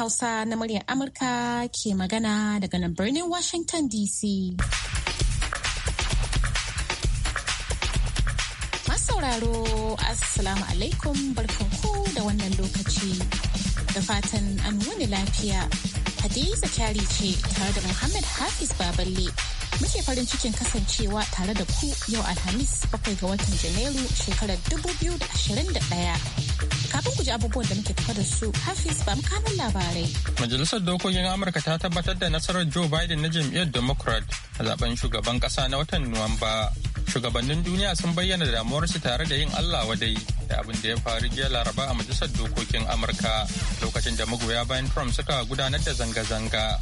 Hausa na muryar Amurka ke magana daga nan birnin Washington DC. Masauraro, Assalamu alaikum barkanku da wannan lokaci. Da fatan an wuni lafiya. Hadiza kyari ce tare da Muhammad Hafiz Baballe. Muke farin cikin kasancewa tare da ku yau Alhamis bakwai ga watan Janairu shekarar 2021. Kafin ku ji abubuwan da muke tafa da su, Hafiz ba kanun labarai. Majalisar Dokokin Amurka ta tabbatar da nasarar Joe Biden na jam'iyyar Democrat a zaben shugaban kasa na watan Nuwamba. Shugabannin duniya sun bayyana damuwarsu tare da yin Allah wadai da abin da ya faru jiya Laraba a Majalisar Dokokin Amurka lokacin da magoya bayan Trump suka gudanar da zanga-zanga.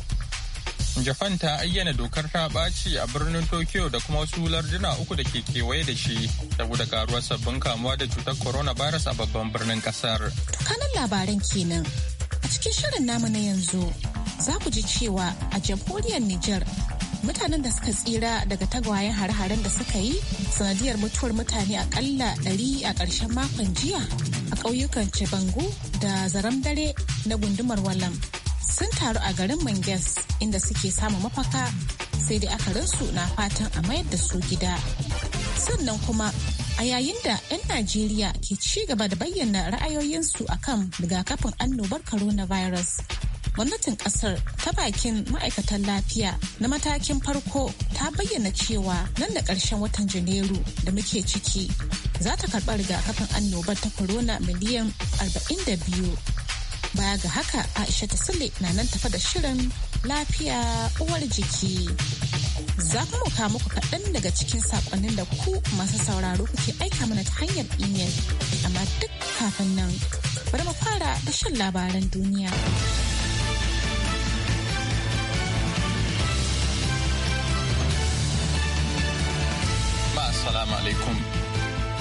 japan ta ayyana dokar ta ɓaci a birnin tokyo da kuma wasu larduna uku da ke kewaye da shi saboda karuwar sabbin kamuwa da cutar corona coronavirus a babban birnin kasar kanan labaran kenan a cikin shirin namu na yanzu za ku ji cewa a jamhuriyar nijar mutanen da suka tsira daga tagwayen hare-haren da suka yi sanadiyar mutuwar mutane akalla ɗari a ƙarshen makon jiya a ƙauyukan cibangu da zaram dare na gundumar walam sun taru a garin manges inda suke samun mafaka sai dai akarinsu na fatan a mayar da su gida sannan kuma a yayin da 'yan najeriya ke ci gaba da bayyana ra'ayoyinsu a akan rigakafin annobar coronavirus gwamnatin kasar ta bakin ma'aikatan lafiya na matakin farko ta bayyana cewa nan da ƙarshen watan janairu da muke ciki za ta karɓa rigakafin annobar ta corona miliyan 42 Baya ga haka Aisha ta Sule na nan tafa da shirin lafiya uwar jiki. Za mu muka muku kaɗan daga cikin saƙonnin da ku masu sauraro kuke aika mana ta hanyar imel. Amma duk kafin nan bari mu fara da shan labaran duniya. Assalamu alaikum.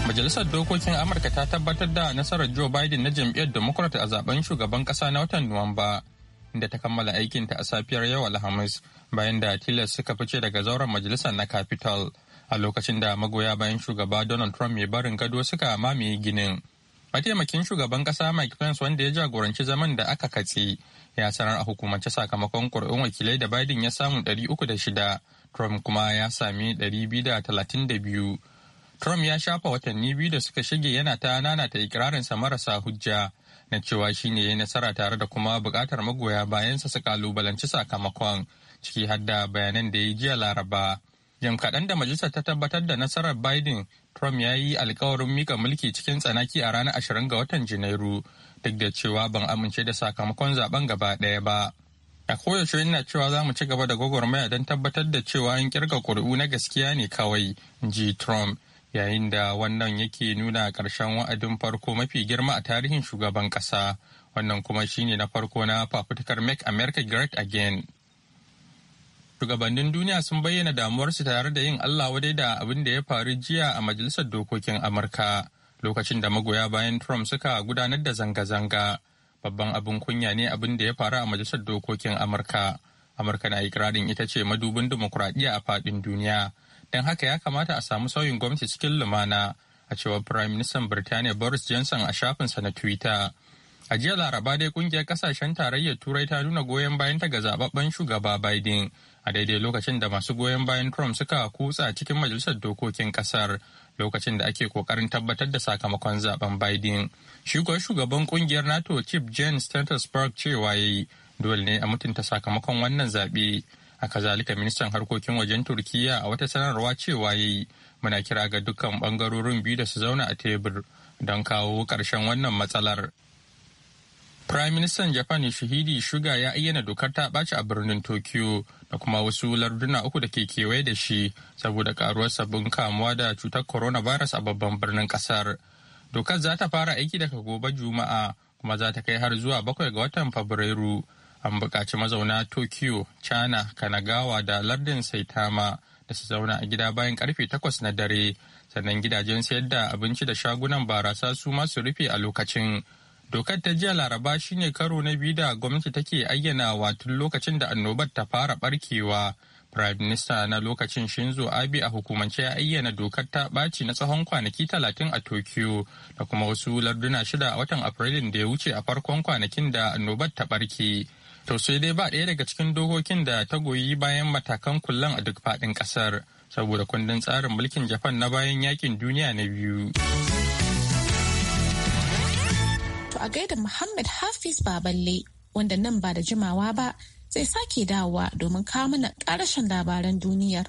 Majalisar Dokokin Amurka ta tabbatar da nasarar Joe Biden na jam'iyyar Democrat a zaben shugaban ƙasa na watan Nuwamba, inda ta kammala aikinta a safiyar yau Alhamis bayan da tilas suka fice daga zauren majalisar na Capitol a lokacin da magoya bayan shugaba Donald Trump mai barin gado suka mamaye ginin. Mataimakin shugaban ƙasa Mike Pence wanda ya jagoranci zaman da aka katse ya sanar a hukumance sakamakon ƙuri'un wakilai da Biden ya samu 306, Trump kuma ya sami 232. Trump ya shafa watanni biyu da suka shige yana ta nanata ikirarinsa marasa hujja na cewa shi ne nasara tare da kuma bukatar magoya bayansa su kalubalanci sakamakon ciki har da bayanan da ya yi jiya laraba. Jam kaɗan da majalisar ta tabbatar da nasarar Biden, Trump ya yi alkawarin mika mulki cikin tsanaki a ranar ashirin ga watan Janairu, duk da cewa ban amince da sakamakon zaben gaba ɗaya ba. A koyaushe yana cewa za mu ci gaba da gwagwarmaya don tabbatar da cewa yin kirga kuri'u na gaskiya ne kawai, ji Trump. yayin da wannan yake nuna ƙarshen wa'adin farko mafi girma a tarihin shugaban ƙasa wannan kuma shine na farko na fafutukar make america great again shugabannin duniya sun bayyana damuwarsu tare da yin allah wadai da abin da ya faru jiya a majalisar dokokin amurka lokacin da magoya bayan trump suka gudanar da zanga-zanga babban abin kunya ne abin da ya faru a majalisar dokokin amurka amurka na ikirarin ita ce madubin dimokuraɗiyya a faɗin duniya don haka ya kamata a samu sauyin gwamnati cikin lumana a cewar Prime Minister Birtaniya Boris Johnson a shafin sa na Twitter. A jiya Laraba dai kungiyar kasashen tarayyar Turai ta nuna goyon bayan ta ga zababben shugaba Biden a daidai lokacin da masu goyon bayan Trump suka kutsa cikin majalisar dokokin kasar lokacin da ake kokarin tabbatar da sakamakon zaben Biden. Shugaban shugaban kungiyar NATO Chief james Stoltenberg cewa yayi dole ne a mutunta sakamakon wannan zabe. a kazalika ministan harkokin wajen turkiya a wata sanarwa cewa ya yi muna kira ga dukkan bangarorin biyu da su zauna a tebur don kawo karshen wannan matsalar prime ministan japan shahidi shuga ya ayyana dokar ta ɓaci a birnin tokyo da kuma wasu larduna uku da ke kewaye da shi saboda karuwar sabbin kamuwa da cutar coronavirus a babban birnin kasar dokar za ta fara aiki daga gobe juma'a kuma za ta kai har zuwa bakwai ga watan fabrairu an buƙaci mazauna tokyo china kanagawa da lardin saitama da su zauna a gida bayan karfe takwas na dare sannan gidajen sayar da abinci da shagunan barasa su masu rufe a lokacin dokar ta jiya laraba shine karo na biyu da gwamnati take ayyana tun lokacin da annobar ta fara barkewa prime minister na lokacin shinzo abi a hukumance ya ayyana dokar ta ɓaci na tsawon kwanaki talatin a tokyo da kuma wasu larduna shida a watan afrilun da ya wuce a farkon kwanakin da annobar ta barke To sai dai ba ɗaya daga cikin dokokin da ta goyi bayan matakan kullan a duk faɗin ƙasar saboda kundin tsarin mulkin Japan na bayan yakin duniya na biyu. To a gaida Muhammad Hafiz Baballe wanda nan ba da jimawa ba zai sake dawowa domin kawo mana ƙarashin labaran duniyar.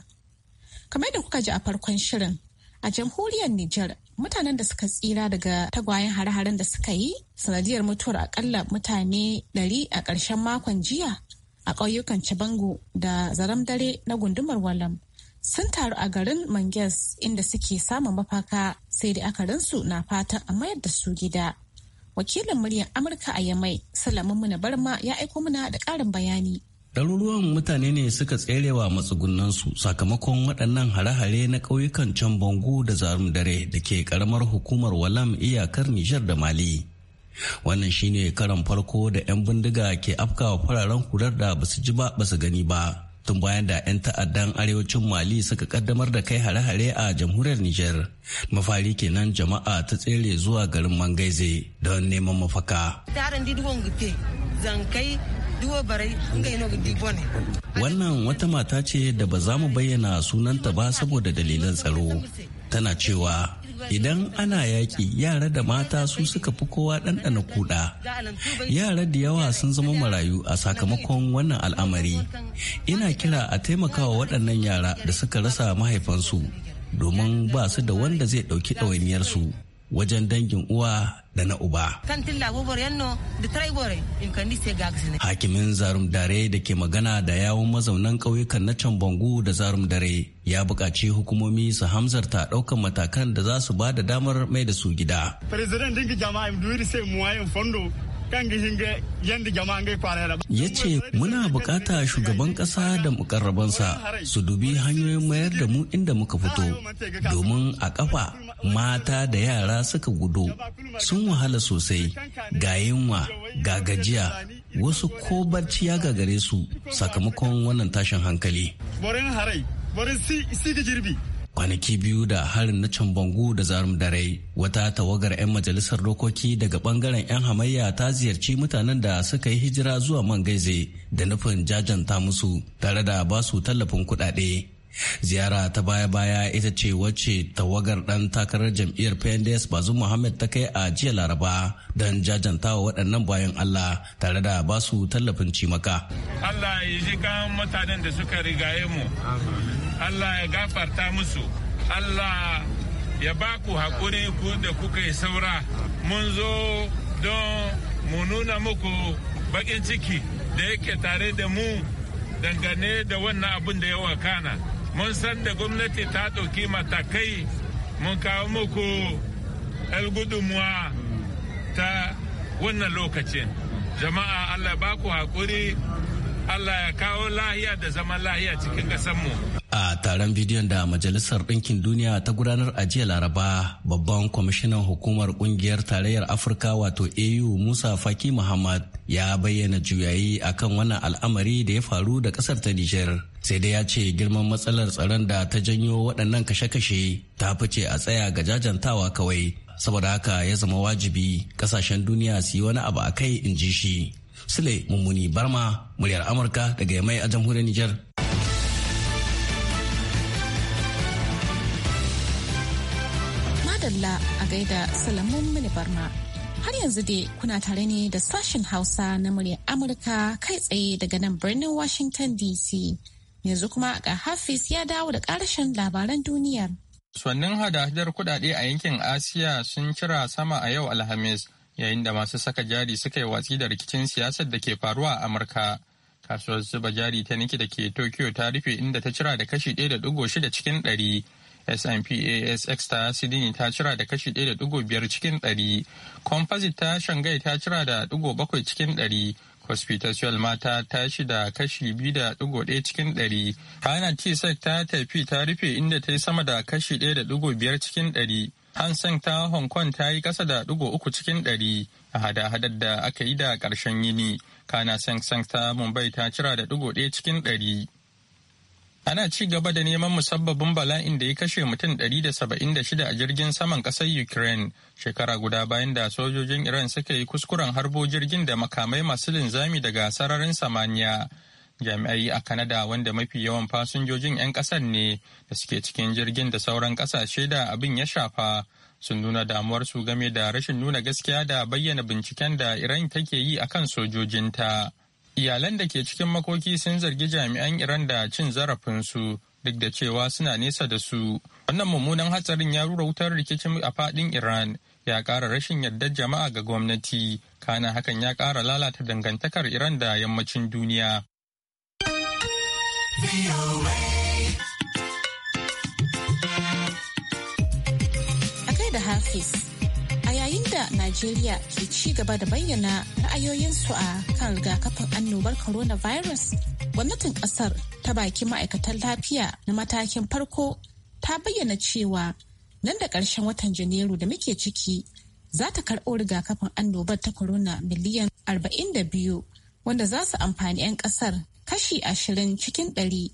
Kamar da kuka ji a farkon shirin, a jamhuriyar Nijar mutanen da suka tsira daga tagwayen hare-haren da suka yi sanadiyar mutuwar akalla mutane 100 a ƙarshen makon jiya a ƙauyukan Cibango da zaram dare na gundumar Walam sun taru a garin Manges inda suke samun mafaka sai da akarinsu na fatan a mayar da su gida. Wakilin muryar Amurka a Yamai, Salamun Muna Barma ya aiko mana da ƙarin bayani. ɗaruruwan mutane ne suka tserewa matsugunansu sakamakon waɗannan hare-hare na ƙauyukan can bango da zarum dare da ke ƙaramar hukumar walam iyakar nijar da mali wannan shine karan farko da 'yan bindiga ke afkawa fararen hular da basu ji ba basu gani ba tun bayan da 'yan ta'addan arewacin mali suka kaddamar da kai hare-hare a jamhuriyar niger mafari kenan jama'a ta tsere zuwa garin mangaize don neman mafaka wannan wata mata ce da ba za mu bayyana sunanta ba saboda dalilan tsaro tana cewa idan ana yaƙi yara da mata su suka fi kowa ɗanɗana kuɗa yara da yawa sun zama marayu a sakamakon wannan al'amari ina kira a taimakawa waɗannan yara da suka rasa mahaifansu domin ba su da wanda zai ɗauki ɗawainiyarsu wajen dangin uwa da na uba. Hakimin Zarum Dare da ke magana da yawon mazaunan ƙauyukan na can Bangu da Zarum Dare ya buƙaci hukumomi su hamzarta ɗaukan matakan da za su ba da damar mai da su gida. President dinki jama'a Imduwiri sai wayan fondo ya ce muna bukata shugaban kasa da mukarrabansa su dubi hanyoyin mayar da mu inda muka fito domin a kafa mata da yara suka gudu sun wahala sosai ga yunwa ga gajiya wasu ko barci ya gagare su sakamakon wannan tashin hankali. si kwanaki biyu da harin na can Cambangu da zarum dare wata tawagar 'yan majalisar dokoki daga bangaren 'yan hamayya ta ziyarci mutanen da suka yi hijira zuwa man gaize da nufin jajanta musu tare da ba su tallafin kuɗaɗe. ziyara ta baya-baya ita ce wacce tawagar dan takarar jam'iyyar pnds bazu muhammad ta kai a jiya laraba don jajantawa waɗannan bayan allah tare da ba su tallafin cimaka allah ya ji mutanen da suka rigaye mu Allah ya gafarta musu Allah ya ba ku haƙuri ku da kuka yi saura mun zo don mu nuna muku baƙin ciki da yake tare da mu dangane da wannan abin da ya kana mun san da gwamnati ta ɗauki matakai mun kawo muku 'yan gudunmuwa ta wannan lokacin jama'a allah ba ku haƙuri allah ya kawo lahiya da zaman lahiya cikin mu. a taron bidiyon da majalisar ɗinkin duniya ta gudanar a jiya laraba babban kwamishinan hukumar ƙungiyar tarayyar afirka wato au musa faki muhammad ya bayyana juyayi akan wannan al'amari da ya faru da ƙasar ta nijar sai dai ya ce girman matsalar tsaron da ta janyo waɗannan kashe-kashe ta fice a tsaya ga jajantawa kawai saboda haka ya zama wajibi ƙasashen duniya su yi wani abu a kai in ji shi sule mummuni barma muryar amurka daga yamai a jamhuriyar nijar Abdullah a gaida salamun mini barma. Har yanzu dai kuna tare ne da sashen Hausa na murya Amurka kai tsaye daga nan birnin Washington DC. Yanzu kuma ga Hafiz ya dawo da ƙarashin labaran duniyar. Sannin hada-hadar kudade a yankin Asiya sun kira sama a yau Alhamis yayin da masu saka jari suka yi watsi da rikicin siyasar da ke faruwa a Amurka. Kasuwar zuba jari ta niki da ke Tokyo ta rufe inda ta cira da kashi ɗaya da cikin ɗari SNPASX ta Sydney ta cira da kashi 1.5 cikin 100, Composite ta Shanghai ta cira da 0.7 cikin 100, Hospital mata ta shi da kashi 2.1 cikin 100, Hana T-Sec ta tafi ta rufe inda ta yi sama da kashi 1.5 cikin 100. Hansen ta Hong Kong ta yi kasa da ɗigo uku cikin ɗari a hada-hadar da aka yi da ƙarshen yini. Kana Seng Seng ta Mumbai ta cira da ɗigo ɗaya cikin ɗari. ana ci gaba da neman musabbabin bala'in da ya kashe mutum 176 a jirgin saman ƙasar ukraine shekara guda bayan da sojojin iran suka yi kuskuren harbo jirgin da makamai masu linzami daga sararin samaniya jami'ai a kanada wanda mafi yawan fasinjojin 'yan ƙasar ne da suke cikin jirgin da sauran ƙasashe da abin ya shafa sun nuna damuwar su game da rashin nuna gaskiya da bayyana binciken da iran take yi akan sojojinta Iyalan da ke cikin makoki sun zargi jami'an Iran da cin zarafinsu duk da cewa suna nesa da su. Wannan mummunan hatsarin ya rura wutar rikicin a fadin Iran ya ƙara rashin yardar jama'a ga gwamnati, kana hakan ya ƙara lalata dangantakar Iran da yammacin duniya. A kai da Hafiz. a yayin da najeriya ke ci gaba da bayyana ra'ayoyinsu a kan rigakafin annobar coronavirus gwamnatin ƙasar ta baki ma'aikatan lafiya na matakin farko ta bayyana cewa nan da ƙarshen watan janairu da muke ciki za ta karɓo rigakafin annobar ta corona miliyan 42 wanda za su amfani 'yan ƙasar kashi 20 cikin ɗari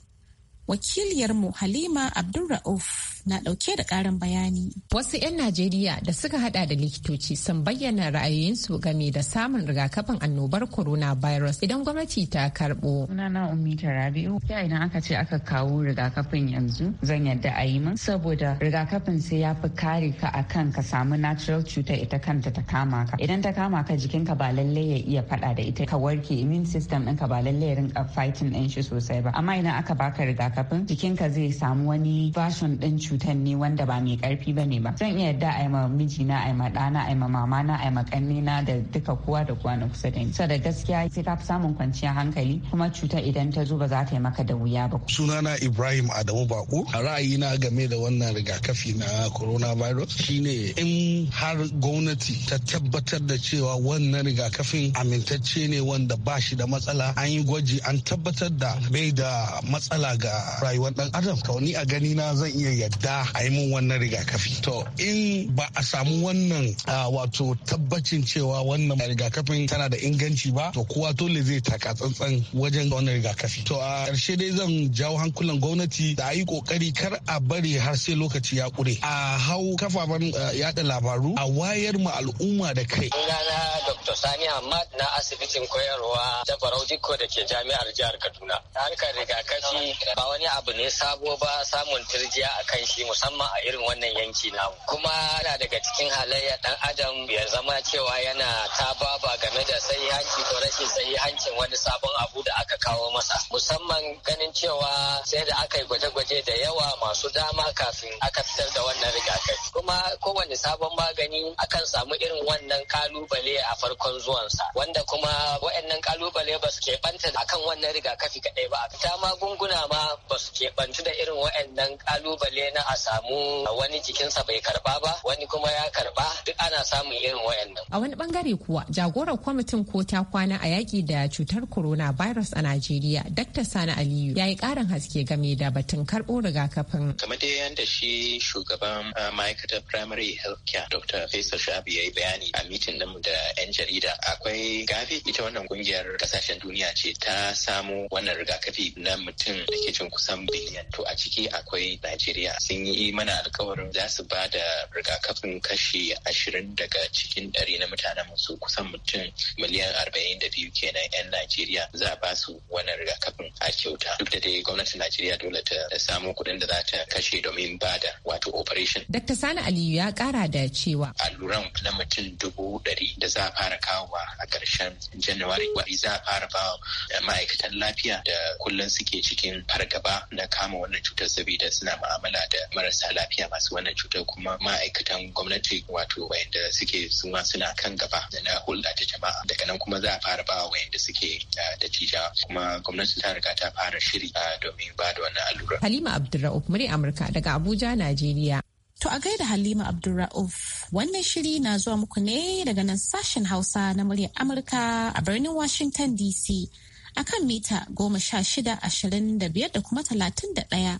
wakiliyarmu halima abdulra'uf na dauke da karin bayani wasu 'yan najeriya da suka hada da likitoci sun bayyana ra'ayoyinsu game da samun rigakafin annobar corona virus idan gwamnati ta karbo sunana ta rabi'u ya idan aka ce aka kawo rigakafin yanzu zan yadda a yi min saboda rigakafin sai ya fi kare ka a kan ka samu natural cutar ita kanta ta kama ka idan ta kama ka jikinka ba lalle ya iya fada da ita ka warke immune system ɗinka ba lalle ya rinka fighting ɗin shi sosai ba amma ina aka baka rigakafin rigakafin jikinka zai samu wani version din cutan ne wanda ba mai karfi ba ne ba zan iya yadda ai ma na ai ma ɗana ai ma mama na ai ma na da duka kowa da kowa na kusa da ni sa da gaskiya sai ka fi samun kwanciyar hankali kuma cuta idan ta zo ba za ta yi maka da wuya ba sunana Ibrahim Adamu Bako a ra'ayina game da wannan rigakafi na coronavirus shine in har gwamnati ta tabbatar da cewa wannan rigakafin amintacce ne wanda ba shi da matsala an yi gwaji an tabbatar da bai da matsala ga rayuwar dan adam to ni a gani na zan iya yadda a yi mun wannan rigakafi to in ba a samu wannan wato tabbacin cewa wannan rigakafin tana da inganci ba to kowa dole zai taka tsantsan wajen wannan rigakafi to a ƙarshe dai zan jawo hankulan gwamnati da a yi ƙoƙari kar a bari har sai lokaci ya ƙure a hau kafafen yada labaru a wayar ma al'umma da kai sunana dr sani ahmad na asibitin koyarwa ta barau da ke jami'ar jihar kaduna harkar rigakafi ba wani abu ne sabo ba samun turjiya a kan shi musamman a irin wannan yanki na. kuma yana daga cikin halayya dan adam ya zama cewa yana ta baba game da hanci ko rashin hanci wani sabon abu da aka kawo masa musamman ganin cewa sai da aka yi gwaje-gwaje da yawa masu dama kafin aka fitar da wannan rigakafi kuma kowane sabon magani akan samu irin wannan kalubale a farkon zuwansa wanda kuma waɗannan kalubale ba su banta akan wannan rigakafi kadai ba ta magunguna ma ba su keɓanci da irin wa'annan kalubale na a samu wani jikinsa bai karba ba wani kuma ya karɓa duk ana samun irin wa'annan. A wani bangare kuwa jagorar kwamitin ko ta kwana a yaƙi da cutar Corona Virus a Najeriya Dr. Sani Aliyu ya yi ƙarin haske game da batun karɓo rigakafin. Kamar dai yadda shi shugaban ah, ma'aikatar primary health care Dr. Faisal Shabi ya yi bayani a mitin namu da 'yan jarida akwai gafi ita wannan kungiyar kasashen duniya ce ta samu wannan rigakafi na mutum da ke cin kusan biliyan to a ciki akwai najeriya sun yi mana alkawarin za su ba da rigakafin kashi ashirin daga cikin ɗari na mutanen su kusan mutum miliyan arba'in da biyu kenan yan najeriya za a ba su wannan rigakafin a kyauta duk da dai gwamnatin najeriya dole ta samu kuɗin da za ta kashe domin ba da wato operation. dr sani aliyu ya kara da cewa alluran na mutum dubu ɗari da za a fara kawowa a ƙarshen januwari za a fara ba ma'aikatan lafiya da kullum suke cikin fargaba gaba na kama wannan cutar saboda suna ma'amala da marasa lafiya masu wannan cutar kuma ma'aikatan gwamnati wato wayanda suke suma suna kan gaba da na hulɗa da jama'a daga nan kuma za a fara ba wayanda suke ah, da tija kuma gwamnati ta riga ta fara shiri ah, domin ba da wannan allura. Halima Abdulrahman murya Amurka daga Abuja, Najeriya. To a gaida Halima Abdulrahman wannan shiri na zuwa muku ne daga nan sashen Hausa na muryar Amurka a birnin Washington DC. a kan mita goma sha shida ashirin da biyar da kuma talatin da ɗaya.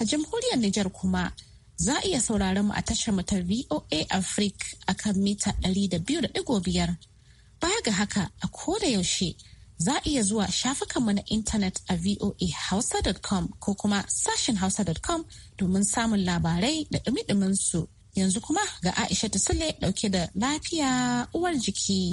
A jamhuriyar Nijar kuma za a iya sauraron mu a tashar mu ta VOA Africa a kan mita ɗari da biyu da ɗigo biyar. Baya ga haka a koda yaushe za a iya zuwa shafukanmu na intanet a voahausa.com ko kuma sashen hausa.com domin samun labarai da ɗumi su. Yanzu kuma ga Aisha Sule ɗauke da lafiya uwar jiki.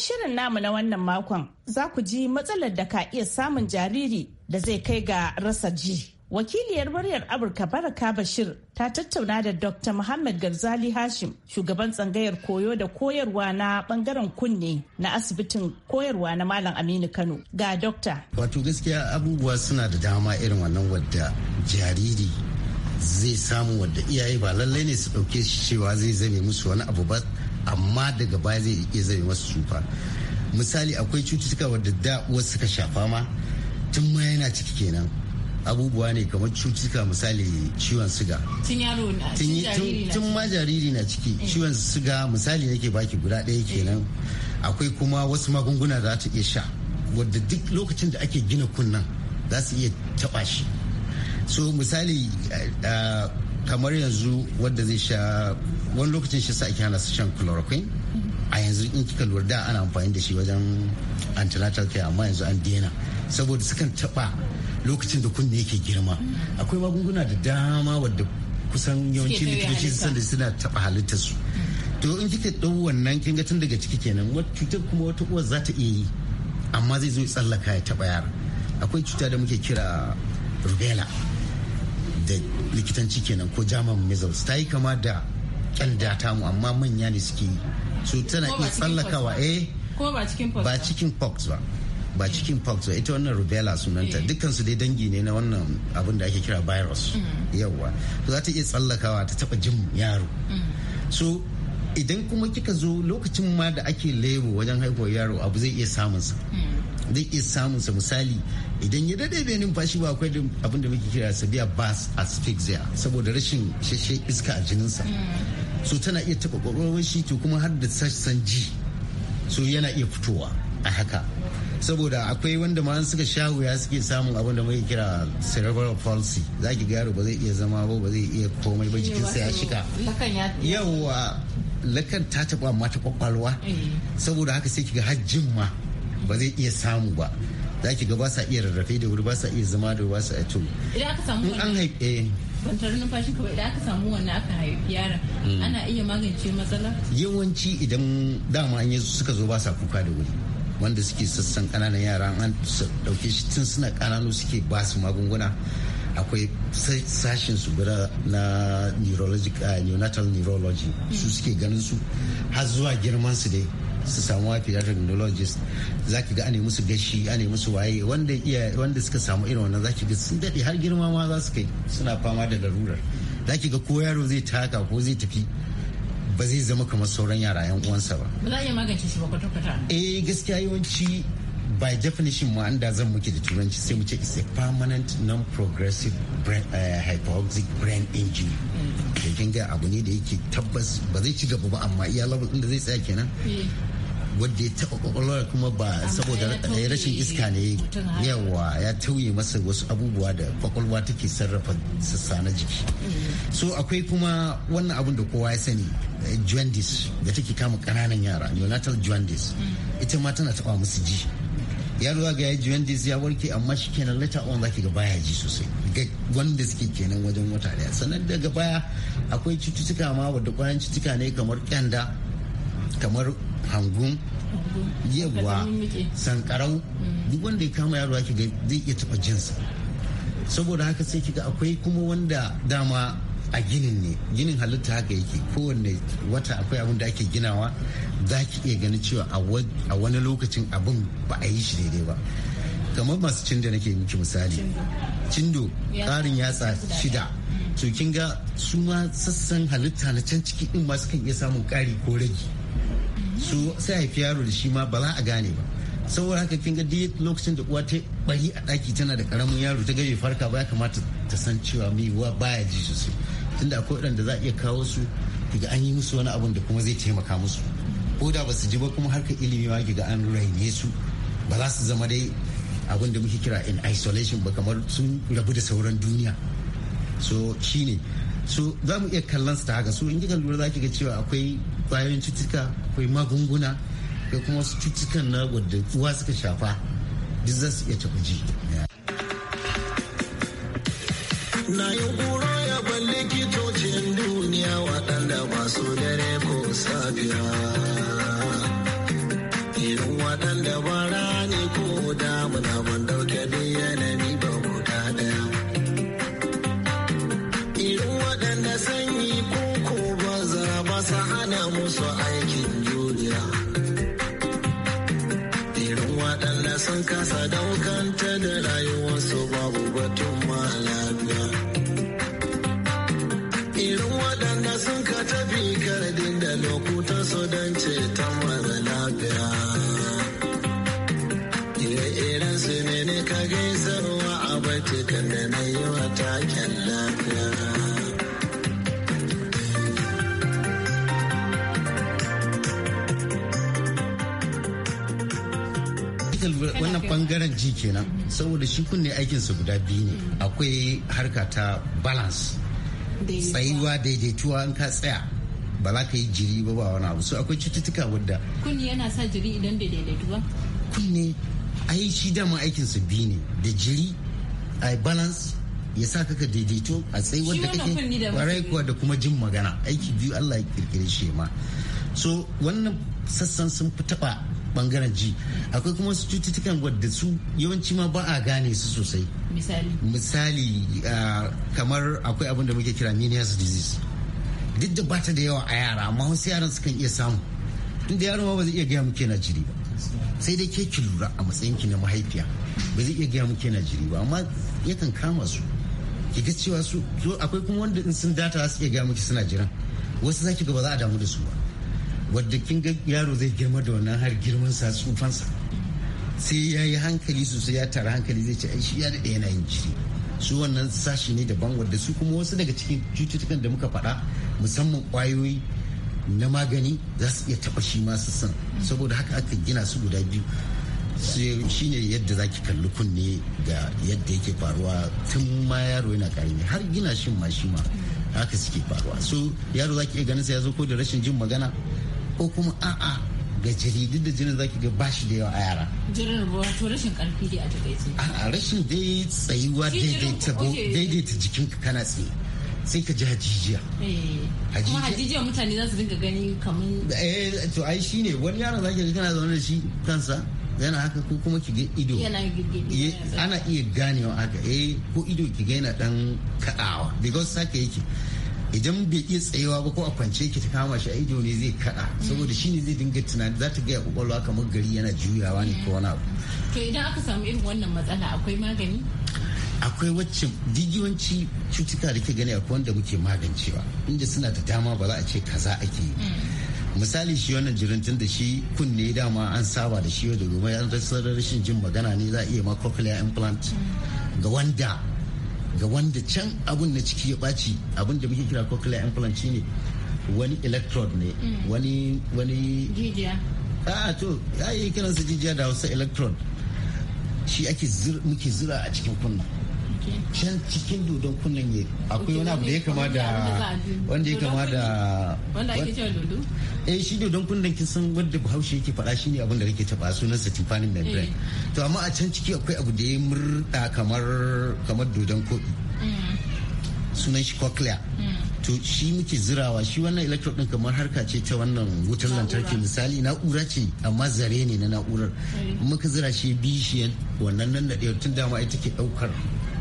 shirin namu na wannan makon za ku ji matsalar da ka iya samun jariri da zai kai ga rasa ji. Wakiliyar muryar Amurka Baraka Bashir ta tattauna da Dr. Muhammad Garzali Hashim, shugaban tsangayar koyo da koyarwa na bangaren kunne na asibitin koyarwa na Malam Aminu Kano ga Dokta. Wato gaskiya abubuwa suna da dama irin wannan wadda jariri zai samu wadda iyaye ba lallai ne su ɗauke shi cewa zai zame musu wani abu ba amma daga baya zai iya zai masu tsufa misali akwai cututtuka wadda da wasu suka shafa ma tun ma yana ciki kenan abubuwa ne kamar cututtuka misali ciwon siga tun ma jariri na ciki eh. ciwon siga misali nake baki guda ɗaya kenan eh. akwai kuma wasu magunguna za ta iya sha wadda duk lokacin da ake gina kunnan za su iya taɓa shi so misali eh, kamar yanzu wadda zai sha wani lokacin shi sa ake hana su shan chloroquine a yanzu in kika lura da ana amfani da shi wajen antenatal care amma yanzu an daina saboda sukan taba lokacin da kunne yake girma akwai magunguna da dama wadda kusan yawancin likitoci sun da suna taba halittar su to in kika dau wannan kin tun daga ciki kenan wata cutar kuma wata uwar za ta iya yi amma zai zo tsallaka ya taba yara akwai cuta da muke kira rubella da likitanci kenan ko german measles ta yi kama da kyalda mu amma manya ne suke yi su tana iya tsallakawa eh ba cikin pox eh? ba ba cikin pox ba ita wannan rubella sunanta eh. dukkan su dai dangi ne na wannan abin da ake kira virus mm. yawa to za ta iya tsallakawa ta taba jin yaro mm. so idan kuma kika zo lokacin ma da ake lebo wajen haihuwar yaro abu zai iya samun sa mm. zai iya samun sa misali idan ya dade bai numfashi ba akwai abin da muke kira severe bas asphyxia saboda rashin shashe iska a jinin sa hmm. so tana iya taba kwakwalwar shi to kuma har da sassan ji so yana iya fitowa a haka saboda akwai wanda ma suka sha wuya suke samun abin da muke kira cerebral palsy za ki yaro ba zai iya zama ba ba zai iya komai ba jikinsa ya shika yawa lakan ta taba mata ta kwakwalwa eh. saboda haka sai ki ga hajjin ma ba zai iya samu ba za ki ga ba sa iya rarrafe da wuri ba sa iya zama da ba sa to idan aka samu an haife eh. na numfashi kawai idan aka samu wannan aka haifi yara. Hmm. ana iya magance matsala yawanci idan dama an yi suka zo ba sa kuka da wuri wanda suke sassan kananan yara an dauke shi tun suna kananu suke ba su magunguna akwai sashen su bira na neurologic ah, neonatal neurology su hmm. suke ganin su har zuwa girman su dai su samu wafiya technologist za ki ga ane musu gashi ane musu waye wanda iya wanda suka samu irin wannan za ki ga sun daɗe har girma ma za su kai suna fama da larurar za ki ga ko yaro zai taka ko zai tafi ba zai zama kamar sauran yara yan uwansa ba. Ba za a iya magance shi ba kwata-kwata. Eh gaskiya yawanci by definition ma zan muke da turanci sai mu ce is a permanent non-progressive brain, uh, hypoxic brain injury da mm. abu ne da yake tabbas ba zai ci gaba ba amma iya level da zai tsaya kenan mm. wadda ya taɓa kwakwalwar kuma ba saboda rashin iska ne yawa ya tauye masa wasu abubuwa da kwakwalwa take sarrafa sassa na jiki mm. so akwai kuma wannan abun da kowa ya sani eh, jaundice da take kama ƙananan yara neonatal jaundice ita ma tana taɓa musu ji ruwa ga yaji wanda ya warke amma shi kenan later on zaki ga baya ji sosai ga wanda suke kenan wajen wata daya sannan daga baya akwai cututtuka ma wadda kwayan cututtuka ne kamar kyanda kamar hangun yawa sankarau mm. duk wanda ya kama yaro ga zai iya taba jinsa saboda haka sai kiga akwai kuma wanda dama a ginin ne ginin halitta haka yake kowanne wata akwai abin da ake ginawa za ki iya gani cewa a wani lokacin abin ba a yi shi daidai ba kamar masu cin da nake miki misali cindo ƙarin yatsa shida to kin ga su ma sassan halitta na can ciki in ma kan iya samun ƙari ko rage mm-hmm. su sai haifi yaro da shi ma ba za a gane ba saboda haka kin ga duk lokacin da uwa ta bari a ɗaki, tana da karamin yaro ta gaje farka ba ya kamata ta san cewa mai uwa baya ji sosai tunda akwai waɗanda za a iya kawo su kiga an yi musu wani abun da kuma zai taimaka musu ko da ba su ji ba kuma harkar ilimi ma ga an raine su ba za su zama dai abin da muke kira in isolation ba kamar sun rabu da sauran duniya so shine so za mu iya kallon su ta haka so in kika lura za ki ga cewa akwai kwayoyin cututtuka akwai magunguna da kuma wasu cututtukan na wadda uwa suka shafa duk za su iya cakuji. Na yau likitocin duniya waɗanda su dare ko safiya. ji kenan saboda shi kunne su guda biyu ne akwai harka ta balance tsayuwa daidaituwa an ka tsaya ba za ka yi jiri ba ba wani abu so akwai cututtuka wadda kunne yana sa jiri idan bai daidaituwa kunne ai shi dama aikinsa biyu ne da jiri ai balance ya sa kaka daidaito a tsayi wadda kake kwarai kuwa da kuma jin magana aiki biyu Allah ya kirkire shi ma so wannan sassan sun fi taba bangaren ji akwai kuma wasu cututtukan wadda su yawanci ma ba a gane su sosai misali misali kamar akwai abin da muke kira menias disease duk da bata da yawa a yara amma wasu yaran sukan iya samu da yaron ma ba zai iya gaya muke na jiri ba sai dai ke ki lura a matsayin ki na mahaifiya ba zai iya gaya muke na jiri ba amma yakan kama su ki ga cewa su akwai kuma wanda in sun data su iya gaya muke suna jiran wasu zaki ga ba za a damu da su ba wadda kin ga yaro zai girma da wannan har girman sa tsufansa sai ya yi hankali sosai ya tara hankali zai ce ai shi ya daɗe yana yin jiri su wannan sashi ne daban wadda su kuma wasu daga cikin cututtukan da muka faɗa musamman ƙwayoyi na magani za su iya taɓa shi masu san saboda haka aka gina su guda biyu shi ne yadda za ki kalli kunne ga yadda yake faruwa tun ma yaro yana karami har gina shin ma shi ma haka suke faruwa so yaro za ki iya ganin sa ya zo ko da rashin jin magana ko kuma a'a ga jaridu da jinin zaki ga bashi da yawa a yara. Jirin to rashin karfi dai a takaice. A'a rashin dai tsayuwa daidaita ka kana tsaye. sai ka ji hajijiya. Eh, kuma hajijiya mutane za su dinga gani kamar. Eh to ai shine wani yaron zaki ga kana zaune da shi kansa yana haka ko kuma ki ga ido eh, ana iya ganewa haka eh ko ido ki ga yana dan kadawa because sake yake idan bai iya tsayewa ba ko a kwance ki ta kama shi a ido ne zai kada saboda shi ne zai dinga tunani za ta gaya kwakwalwa kamar gari yana juyawa ne ko wani abu to idan aka samu irin wannan matsala akwai magani akwai wacce digiyanci cutuka da ke gani akwai wanda muke magancewa inda suna da dama ba za a ce kaza ake yi mm. misali shi wannan jirintun da shi kunne dama an saba da shi da domin an rashin jin magana ne za a iya ma cochlear implant mm. ga wanda ga wanda can abun na ciki ya ɓaci abun da muke kira cochlear implant ne wani electrode ne mm. wani wani jijiya a to ya yi kiransa jijiya da hausa electrode shi ake muke zira a cikin kunna can cikin dodon kunnen ne akwai wani abu da ya kama da wanda ya kama da wanda ake cewa dodo eh shi dodon kunnen kin san wanda Bahaushe yake faɗa shine abin da nake taba sunan sa tifanin membrane eh. to amma a can ciki akwai abu da ya murda kamar kamar dodon koɗi mm. sunan shi cochlea mm. to shi muke zirawa shi wannan electrode din kamar harka ce ta wannan wutar lantarki misali na'ura ce amma zare ne na na'urar eh. muka zira shi bishiyan wannan nan da tun dama ita take daukar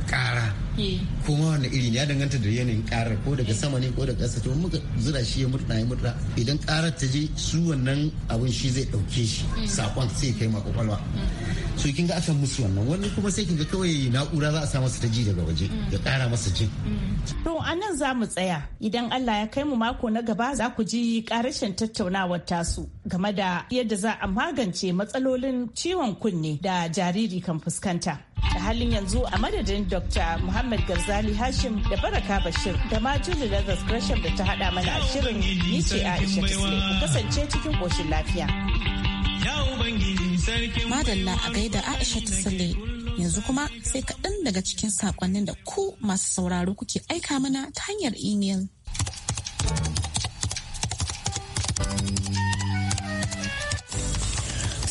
ƙara eh. kuma wani irin ya danganta da yanayin karar ko daga sama ne ko daga ƙasa to muka zura shi ya murna ya murna idan karar ta je su wannan abin shi zai ɗauke shi eh. sakon sai kai ma kwakwalwa eh. so kin ga aka musu wannan wani kuma sai kin ga kawai na'ura za a sa masa ta ji daga waje mm. ya ƙara masa ji. Mm. to a nan za mu tsaya idan Allah ya kai mu mako na gaba za ku ji ƙarashin tattaunawar tasu game da yadda za a magance matsalolin ciwon kunne da jariri kan fuskanta. da halin yanzu a madadin dr muhammad garzali hashim da baraka bashir da ma julie gresham da ta hada mana a shirin ni ce aisha tisle ku kasance cikin koshin lafiya madalla a gaida aisha tisle yanzu kuma sai kaɗan daga cikin saƙonnin da ku masu sauraro kuke aika mana ta hanyar imel.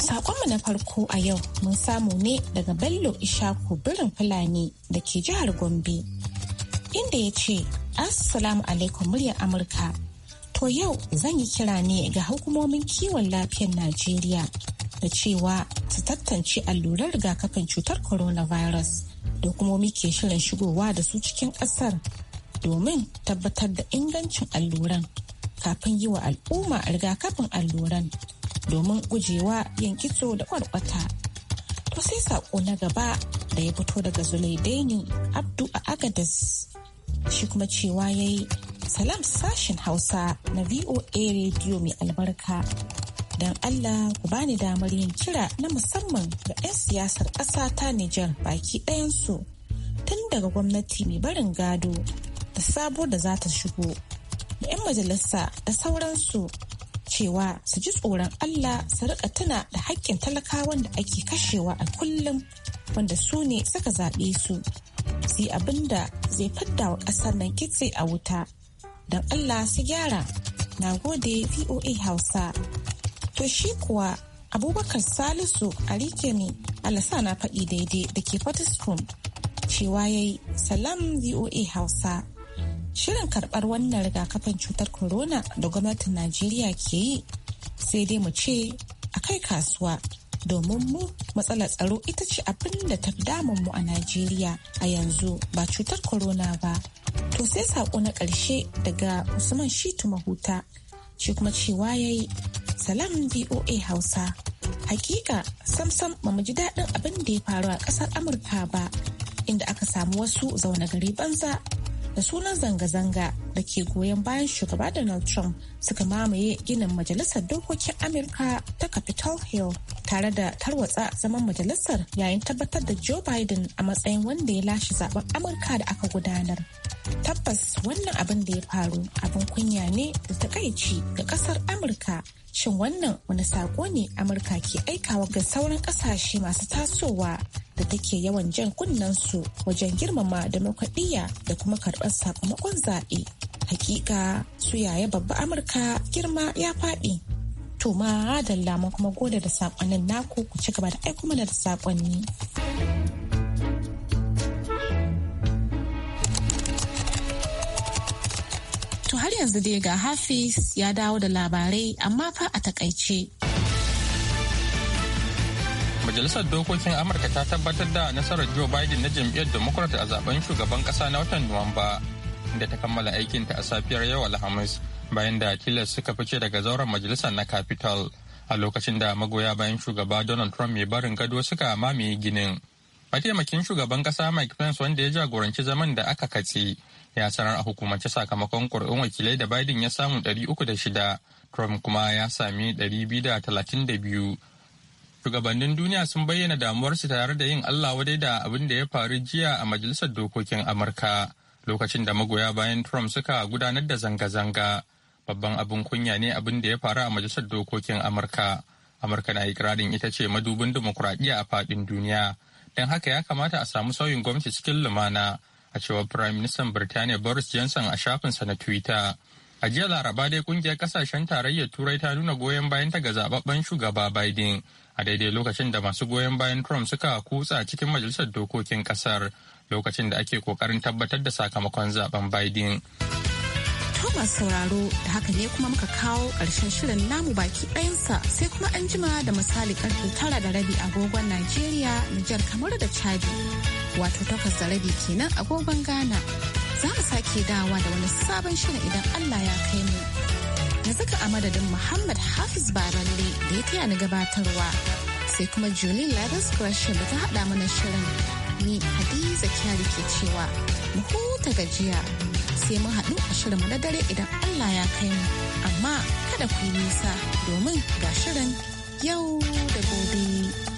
Sakonmu na farko a yau mun samu ne daga Bello Ishaku birin Fulani da ke jihar Gombe. Inda ya ce, Assalamu alaikum muryar Amurka. To yau zan yi kira ne ga hukumomin kiwon lafiyar Najeriya da cewa su tattance allurar rigakafin cutar coronavirus da hukumomi ke shirin shigowa da su cikin ƙasar domin tabbatar da ingancin alluran kafin yi wa al'umma rigakafin alluran domin gujewa yin kitso da kwarkwata. To sai saƙo na gaba da ya fito daga Zulaidaini Abdu a Agadas. Shi kuma cewa ya yi salam sashin Hausa na VOA Radio mai albarka. Don Allah ku bani damar yin kira na musamman ga 'yan siyasar ƙasa ta Nijar baki ɗayansu tun daga gwamnati mai barin gado da sabo da za ta shigo da 'yan majalisa da sauransu cewa su ji tsoron Allah su rika tuna da hakkin talakawan da ake kashewa a kullum wanda su ne suka zaɓe su su yi abin da zai fadda wa ƙasar nan kitse a wuta don Allah su gyara na gode voa hausa to shi kuwa abubakar salisu a rike ne alasa na faɗi daidai da ke fatiskum cewa ya yi salam voa hausa shirin karɓar wannan rigakafin cutar corona da gwamnatin najeriya ke yi sai dai mu ce a kai kasuwa domin mu matsalar tsaro ita ce abin da ta damun mu a najeriya a yanzu ba cutar corona ba to sai saƙo na ƙarshe daga musamman shitu mahuta shi kuma cewa ya yi salam voa hausa hakika samsam ba mu ji daɗin abin da ya faru a ƙasar amurka ba inda aka samu wasu zaune gari banza da sunan zanga-zanga da ke goyon bayan shugaba Donald Trump suka mamaye ginin Majalisar Dokokin Amurka ta Capitol Hill tare da tarwatsa zaman majalisar yayin tabbatar da Joe Biden a matsayin wanda ya lashe zaben Amurka da aka gudanar. Tabbas wannan abin da ya faru abin kunya ne da takaici ga kasar Amurka. Shin wannan wani saƙo ne Amurka ke aikawa ga sauran ƙasashe masu tasowa da take yawan jan kunnensu wajen girmama demokradiyya da kuma karɓar sakamakon zaɓe. Hakika su yaya babba Amurka girma ya faɗi. To ma dalla mun kuma gode da sakonnin naku ku ci gaba da aiko mana da sakonni. To har yanzu dai ga Hafiz ya dawo da labarai amma fa a takaice. Majalisar Dokokin Amurka ta tabbatar da nasarar Joe Biden na jam'iyyar Democrat a zaben shugaban kasa na watan Nuwamba, inda ta kammala aikinta a safiyar yau Alhamis. bayan da tilas suka fice daga zauren majalisar na capital a lokacin da magoya bayan shugaba donald trump mai barin gado suka mamaye ginin mataimakin shugaban kasa mike pence wanda ya jagoranci zaman da aka katse ya sanar a hukumance sakamakon ƙuri'un wakilai da biden ya samu ɗari uku da shida trump kuma ya sami ɗari da talatin biyu. shugabannin duniya sun bayyana damuwarsu tare da yin allah wadai da abin da ya faru jiya a majalisar dokokin amurka lokacin da magoya bayan trump suka gudanar da zanga-zanga babban abin kunya ne abin da ya faru a majalisar dokokin amurka amurka na ikirarin ita ce madubin dimokuraɗiyya a faɗin duniya don haka ya kamata a samu sauyin gwamnati cikin lumana a cewar prime minister birtaniya boris johnson a shafinsa na twitter a jiya laraba dai kungiyar kasashen tarayyar turai ta nuna goyon bayan ta ga zababben shugaba biden a daidai lokacin da masu goyon bayan trump suka kutsa cikin majalisar dokokin kasar lokacin da ake kokarin tabbatar da sakamakon zaben biden To masu sauraro da haka ne kuma muka kawo ƙarshen shirin namu baki ɗayansa sai kuma an jima da misali karfe tara da rabi agogon Najeriya, Nijar kamar da Chadi. Wato takwas da rabi kenan agogon Ghana. Za mu sake dawa da wani sabon shirin idan Allah ya kai mu. na ka a madadin Muhammad Hafiz Baralle da ya taya ni gabatarwa. Sai kuma Julie Ladis Gresham da ta haɗa mana shirin. Ni Hadiza Kyari ke cewa mu huta gajiya. sai mun haɗu a shirinmu na dare idan Allah ya kai mu. Amma kada ku yi nisa domin ga shirin yau da gobe.